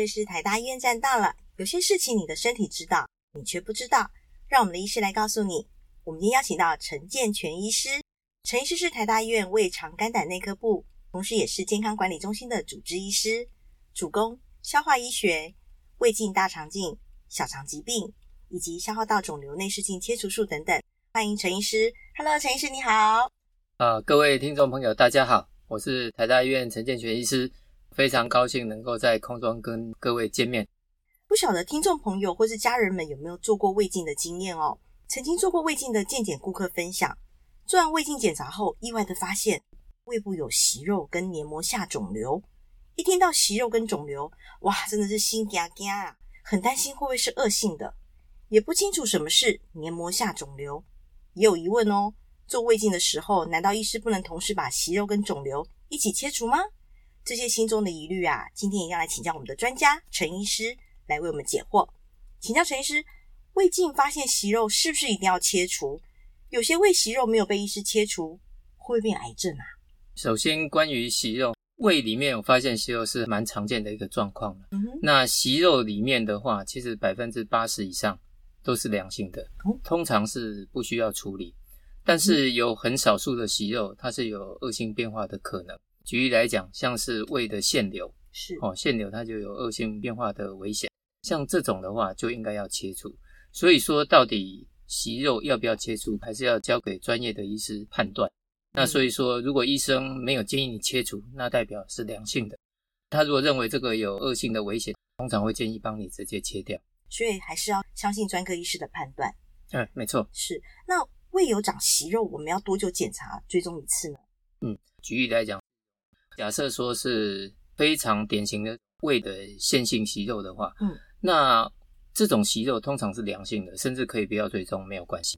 這是台大醫院站到了。有些事情你的身體知道，你卻不知道，讓我們的醫師來告訴你。我們今天邀請到陳建全醫師，陳醫師是台大醫院胃腸肝膽內科部，同時也是健康管理中心的主治醫師，主攻消化醫學、胃鏡、大腸鏡、小腸疾病以及消化道腫瘤內視鏡切除術等等。歡迎陳醫師，Hello，陳醫師你好。呃，各位聽眾朋友大家好，我是台大醫院陳建全醫師。非常高興能夠在空中跟各位見面。不曉得聽眾朋友或是家人們有沒有做過胃鏡的經驗哦？曾經做過胃鏡的健檢顧客分享，做完胃鏡檢查後，意外的發現胃部有息肉跟黏膜下腫瘤。一聽到息肉跟腫瘤，哇，真的是心驚驚啊，很擔心會不會是惡性的，也不清楚什麼是黏膜下腫瘤，也有疑問哦。做胃鏡的時候，難道醫師不能同時把息肉跟腫瘤一起切除嗎？這些心中的疑慮啊，今天也要來請教我們的專家陳醫師來為我們解惑。請教陳醫師，胃鏡發現息肉是不是一定要切除？有些胃息肉沒有被醫師切除，會不會變癌症啊？首先，關於息肉，胃裡面有發現息肉是蠻常見的一個狀況。嗯哼。那息肉裡面的話，其實百分之八十以上都是良性的，通常是不需要處理。但是有很少數的息肉，它是有惡性變化的可能。舉例來講，像是胃的腺瘤，是哦，腺瘤，它就有惡性變化的危險。像這種的話，就應該要切除。所以說，到底息肉要不要切除，還是要交給專業的醫師判斷。那所以說，如果醫生沒有建議你切除，那代表是良性的。他如果認為這個有惡性的危險，通常會建議幫你直接切掉。所以還是要相信專科醫師的判斷。嗯，沒錯，是。那胃有長息肉，我們要多久檢查，追蹤一次呢？嗯，舉例來講。假設說是非常典型的胃的腺性息肉的話，嗯，那這種息肉通常是良性的，甚至可以不要追蹤，沒有關係。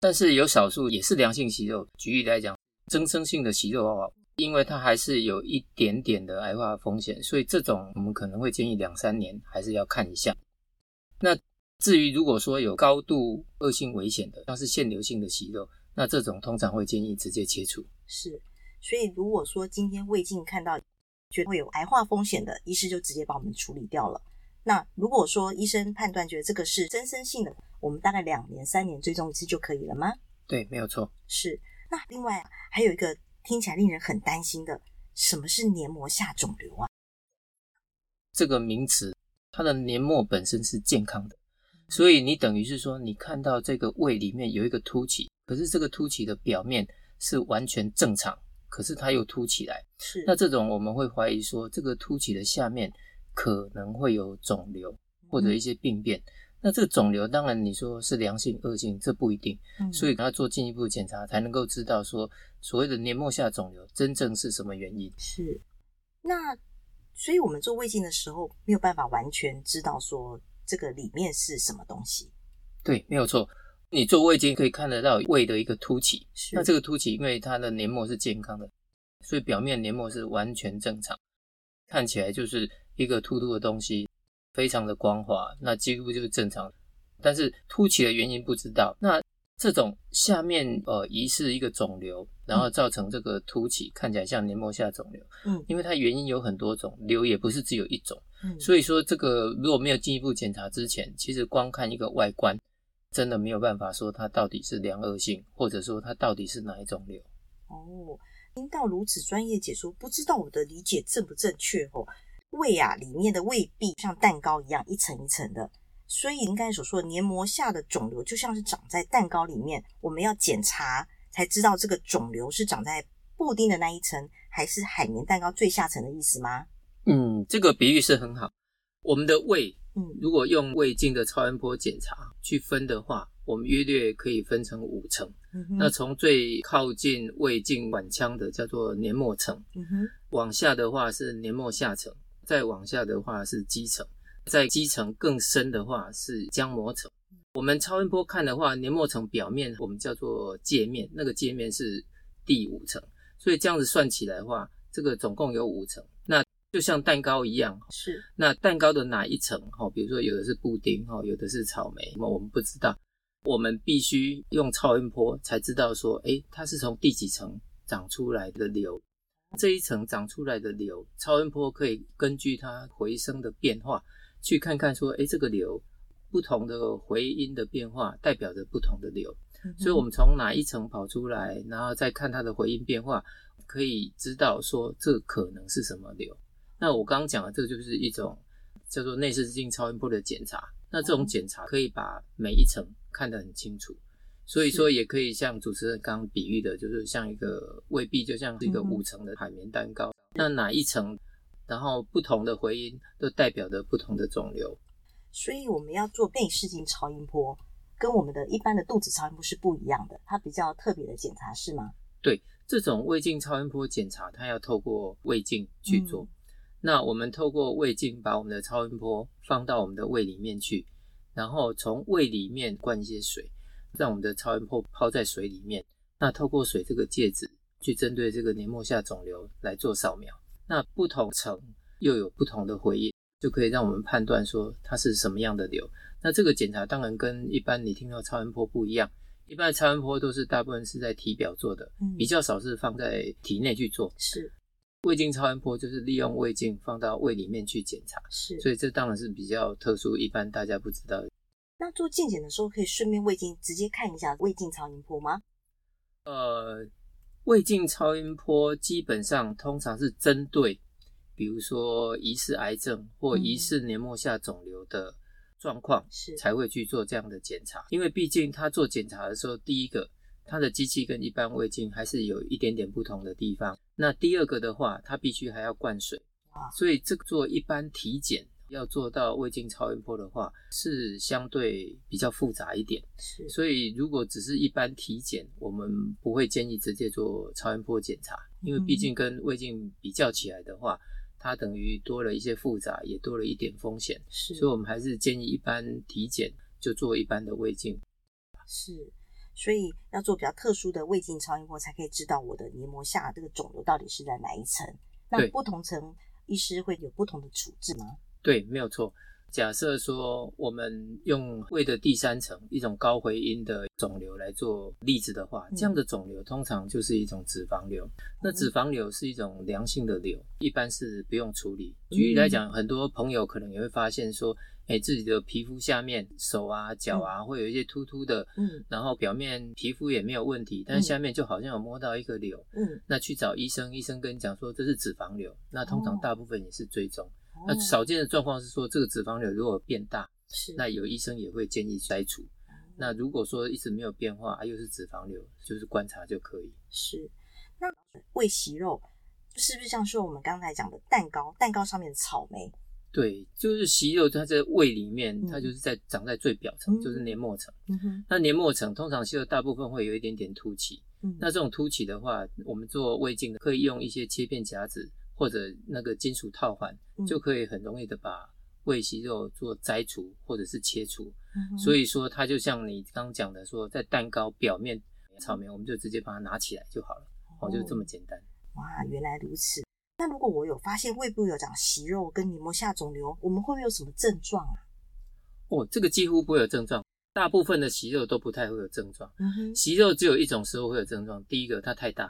但是有少數也是良性息肉，舉例來講，增生性的息肉的話，因為它還是有一點點的癌化風險，所以這種我們可能會建議兩三年還是要看一下。那至於如果說有高度惡性危險的，像是腺瘤性的息肉，那這種通常會建議直接切除。是。所以，如果說今天胃鏡看到覺得會有癌化風險的，醫師就直接把我們處理掉了。那如果說醫生判斷覺得這個是增生性的，我們大概兩年、三年追蹤一次就可以了嗎？對，沒有錯，是。那另外還有一個聽起來令人很擔心的，什麼是黏膜下腫瘤啊？這個名詞，它的黏膜本身是健康的，所以你等於是說你看到這個胃裡面有一個凸起，可是這個凸起的表面是完全正常。可是它又凸起來，是。那這種我們會懷疑說，這個凸起的下面可能會有腫瘤或者一些病變。嗯、那這個腫瘤當然你說是良性惡性，這不一定，嗯、所以它要做進一步檢查才能夠知道說所謂的黏膜下腫瘤真正是什麼原因。是。那所以我們做胃鏡的時候沒有辦法完全知道說這個裡面是什麼東西。對，沒有錯。你做胃鏡可以看得到胃的一個凸起，是那這個凸起因為它的黏膜是健康的，所以表面黏膜是完全正常，看起來就是一個凸凸的東西，非常的光滑，那幾乎就是正常。但是凸起的原因不知道，那這種下面呃疑似一個腫瘤，然後造成這個凸起看起來像黏膜下腫瘤，嗯，因為它原因有很多種，瘤也不是只有一種，嗯，所以說這個如果沒有進一步檢查之前，其實光看一個外觀。真的沒有辦法說它到底是良惡性，或者說它到底是哪一種瘤。哦，聽到如此專業的解說，不知道我的理解正不正確哦？胃啊，裡面的胃壁像蛋糕一樣一層一層的，所以您剛才所說的黏膜下的腫瘤，就像是長在蛋糕裡面，我們要檢查才知道這個腫瘤是長在布丁的那一層，還是海綿蛋糕最下層的意思嗎？嗯，這個比喻是很好。我們的胃，嗯，如果用胃鏡的超音波檢查，去分的話，我們約略可以分成五層。嗯、哼那從最靠近胃鏡管腔的叫做黏膜層，嗯、哼往下的話是黏膜下層，再往下的話是肌層，在肌層更深的話是漿膜層。我們超音波看的話，黏膜層表面我們叫做界面，那個界面是第五層，所以這樣子算起來的話，這個總共有五層。就像蛋糕一樣，是那蛋糕的哪一層？哈，比如說有的是布丁，哈，有的是草莓。那我們不知道，我們必須用超音波才知道說，誒，它是從第幾層長出來的瘤。這一層長出來的瘤，超音波可以根據它回聲的變化，去看看說，誒，這個瘤不同的回音的變化代表着不同的瘤。嗯、哼所以我們從哪一層跑出來，然後再看它的回音變化，可以知道說這可能是什麼瘤。那我剛剛講的這個就是一種叫做內視鏡超音波的檢查。那這種檢查可以把每一層看得很清楚，所以說也可以像主持人剛剛比喻的，是。就是像一個胃壁，就像是一個五層的海綿蛋糕。嗯嗯。那哪一層，然後不同的回音都代表着不同的腫瘤。所以我們要做內視鏡超音波，跟我們的一般的肚子超音波是不一樣的，它比較特別的檢查是嗎？對，這種胃鏡超音波檢查，它要透過胃鏡去做。嗯。那我們透過胃鏡把我們的超音波放到我們的胃裡面去，然後從胃裡面灌一些水，讓我們的超音波泡在水裡面，那透過水這個介質去針對這個黏膜下腫瘤來做掃描。那不同層又有不同的回應，就可以讓我們判斷說它是什麼樣的瘤。那這個檢查當然跟一般你聽到超音波不一樣，一般的超音波都是大部分是在體表做的，比較少是放在體內去做。是。胃鏡超音波就是利用胃鏡放到胃裡面去檢查，是，所以這當然是比較特殊，一般大家不知道。那做鏡檢的時候可以順便胃鏡直接看一下胃鏡超音波嗎？呃，胃鏡超音波基本上通常是針對，比如說疑似癌症或疑似黏膜下腫瘤的狀況，是、嗯、才會去做這樣的檢查，是因為畢竟他做檢查的時候，第一個。它的機器跟一般胃鏡還是有一點點不同的地方。那第二個的話，它必須還要灌水，哇所以這個做一般體檢要做到胃鏡超音波的話，是相對比較複雜一點。是所以如果只是一般體檢，我們不會建議直接做超音波檢查，因為畢竟跟胃鏡比較起來的話，嗯、它等於多了一些複雜，也多了一點風險。是，所以我們還是建議一般體檢就做一般的胃鏡。是。所以要做比較特殊的胃鏡超音波，才可以知道我的黏膜下這個腫瘤到底是在哪一層。對那不同層，醫師會有不同的處置嗎？對，沒有錯。假設說我們用胃的第三層一種高回音的腫瘤來做例子的話，嗯、這樣的腫瘤通常就是一種脂肪瘤。那脂肪瘤是一種良性的瘤，一般是不用處理。舉例來講，很多朋友可能也會發現說。誒、欸、自己的皮膚下面手啊、腳啊，會有一些凸凸的，嗯，然後表面皮膚也沒有問題，嗯、但是下面就好像有摸到一個瘤，嗯，那去找醫生，醫生跟你講說這是脂肪瘤，那通常大部分也是追蹤，哦、那少見的狀況是說這個脂肪瘤如果變大，是、哦，那有醫生也會建議摘除，是那如果說一直沒有變化，啊，又是脂肪瘤，就是觀察就可以。是，那胃息肉是不是像說我們剛才講的蛋糕？蛋糕上面的草莓？對，就是息肉，它在胃裡面，嗯、它就是在長在最表層，嗯、就是黏膜層。嗯哼那黏膜層通常息肉大部分會有一點點凸起。嗯。那這種凸起的話，我們做胃鏡可以用一些切片夾子或者那個金屬套環，嗯、就可以很容易的把胃息肉做摘除或者是切除。嗯、哼所以說，它就像你剛講的說，說在蛋糕表面草莓，我們就直接把它拿起來就好了，哦，哦，就這麼簡單。哇，原來如此。那如果我有發現胃部有長息肉跟黏膜下腫瘤，我們會不會有什麼症狀啊？哦，這個幾乎不會有症狀。大部分的息肉都不太會有症狀。嗯哼、息肉只有一種時候會有症狀，第一個它太大，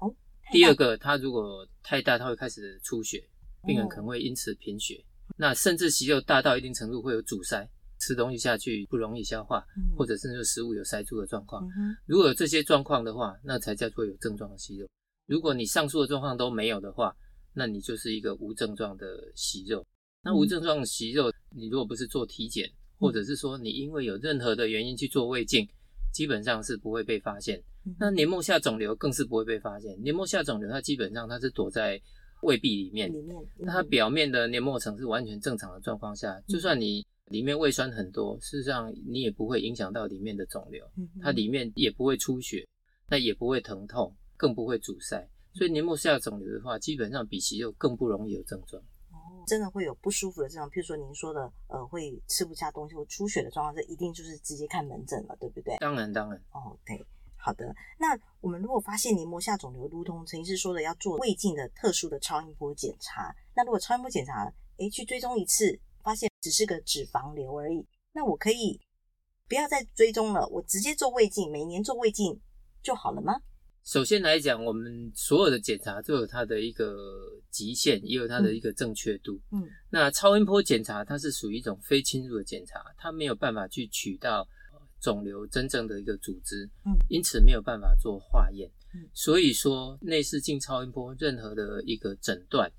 哦，第二個它如果太大，它會開始出血，病人可能會因此貧血。嗯、那甚至息肉大到一定程度會有阻塞，吃東西下去不容易消化，嗯、或者甚至食物有塞住的狀況。嗯、哼如果有這些狀況的話，那才叫做有症狀的息肉。如果你上述的狀況都沒有的話，那你就是一個無症狀的息肉。那無症狀的息肉，你如果不是做體檢，或者是說你因為有任何的原因去做胃鏡，基本上是不會被發現。那黏膜下腫瘤更是不會被發現。黏膜下腫瘤它基本上它是躲在胃壁裡面，它表面的黏膜層是完全正常的狀況下，就算你裡面胃酸很多，事實上你也不會影響到裡面的腫瘤，它裡面也不會出血，那也不會疼痛，更不會阻塞，所以黏膜下腫瘤的話，基本上比息肉更不容易有症狀。哦，真的會有不舒服的症狀，譬如說您說的，呃，會吃不下東西或出血的狀況，這一定就是直接看門診了，對不對？當然，當然。哦，對，好的。那我們如果發現黏膜下腫瘤，如同陳醫師說的，要做胃鏡的特殊的超音波檢查。那如果超音波檢查，誒，去追蹤一次，發現只是個脂肪瘤而已，那我可以不要再追蹤了，我直接做胃鏡，每年做胃鏡就好了嗎？首先來講，我們所有的檢查都有它的一個極限，也有它的一個正確度。嗯，嗯，那超音波檢查它是屬於一種非侵入的檢查，它沒有辦法去取到腫瘤真正的一個組織，嗯，因此沒有辦法做化驗。嗯，所以說內視鏡超音波任何的一個診斷，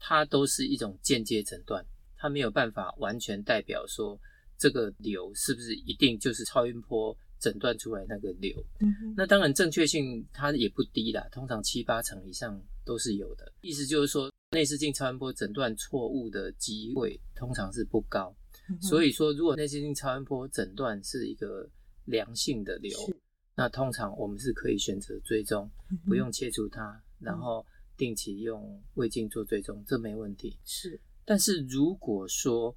它都是一種間接診斷，它沒有辦法完全代表說這個瘤是不是一定就是超音波診斷出來那個瘤，嗯、哼那當然正確性它也不低啦，通常七八成以上都是有的。意思就是說，內視鏡超音波診斷錯誤的機會通常是不高。嗯、哼所以說，如果內視鏡超音波診斷是一個良性的瘤，是那通常我們是可以選擇追蹤，不用切除它，嗯、哼然後定期用胃鏡做追蹤，這沒問題。是，但是如果說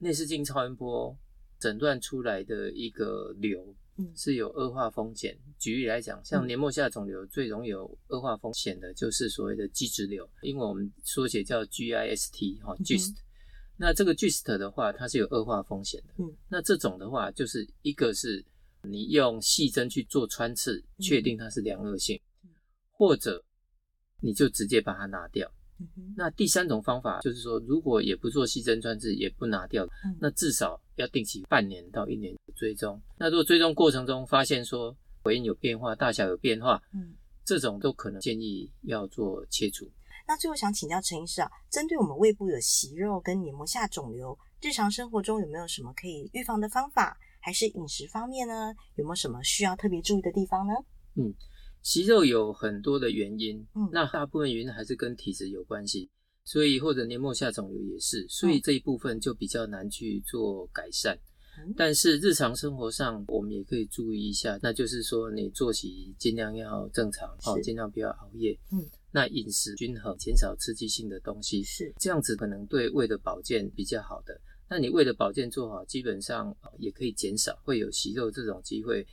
內視鏡超音波。診斷出來的一個瘤是有惡化風險。嗯、舉例來講，像黏膜下腫瘤最容易有惡化風險的就是所謂的基質瘤，因為我們縮寫叫 GIST 哈，GIST、嗯。那這個 GIST 的話，它是有惡化風險的。嗯、那這種的話，就是一個是你用細針去做穿刺，確定它是良惡性，或者你就直接把它拿掉。嗯、那第三種方法就是說，如果也不做細針穿刺，也不拿掉，那至少。要定期半年到一年的追蹤。那如果追蹤過程中發現說，尾音有變化，大小有變化，嗯，這種都可能建議要做切除。那最後想請教陳醫師啊，針對我們胃部有息肉跟黏膜下腫瘤，日常生活中有沒有什麼可以預防的方法？還是飲食方面呢？有沒有什麼需要特別注意的地方呢？嗯，息肉有很多的原因，嗯，那大部分原因還是跟體質有關係。所以或者黏膜下腫瘤也是，所以這一部分就比較難去做改善。嗯、但是日常生活上我們也可以注意一下，那就是說你作息盡量要正常哦，盡是量不要熬夜。嗯，那飲食均衡，減少刺激性的東西，是這樣子可能對胃的保健比較好的。那你胃的保健做好，基本上也可以減少會有息肉這種機會。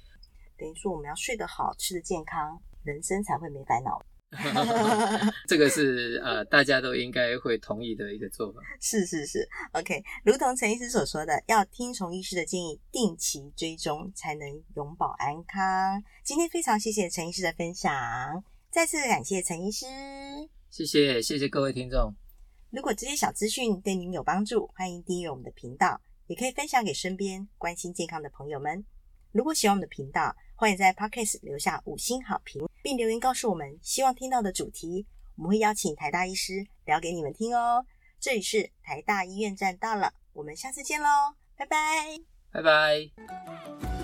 等於說我們要睡得好，吃得健康，人生才會沒煩惱。 這個是呃，大家都應該會同意的一個做法。是是是，OK。如同陳醫師所說的，要聽從醫師的建議，定期追蹤，才能永保安康。今天非常謝謝陳醫師的分享，再次感謝陳醫師。謝謝謝謝各位聽眾。如果這些小資訊對您有幫助，歡迎訂閱我們的頻道，也可以分享給身邊關心健康的朋友們。如果喜歡我們的頻道，歡迎在 Podcast 留下五星好評，並留言告訴我們希望聽到的主題，我們會邀請台大醫師聊給你們聽哦。這裡是台大醫院站到了，我們下次見嘍，拜拜，拜拜。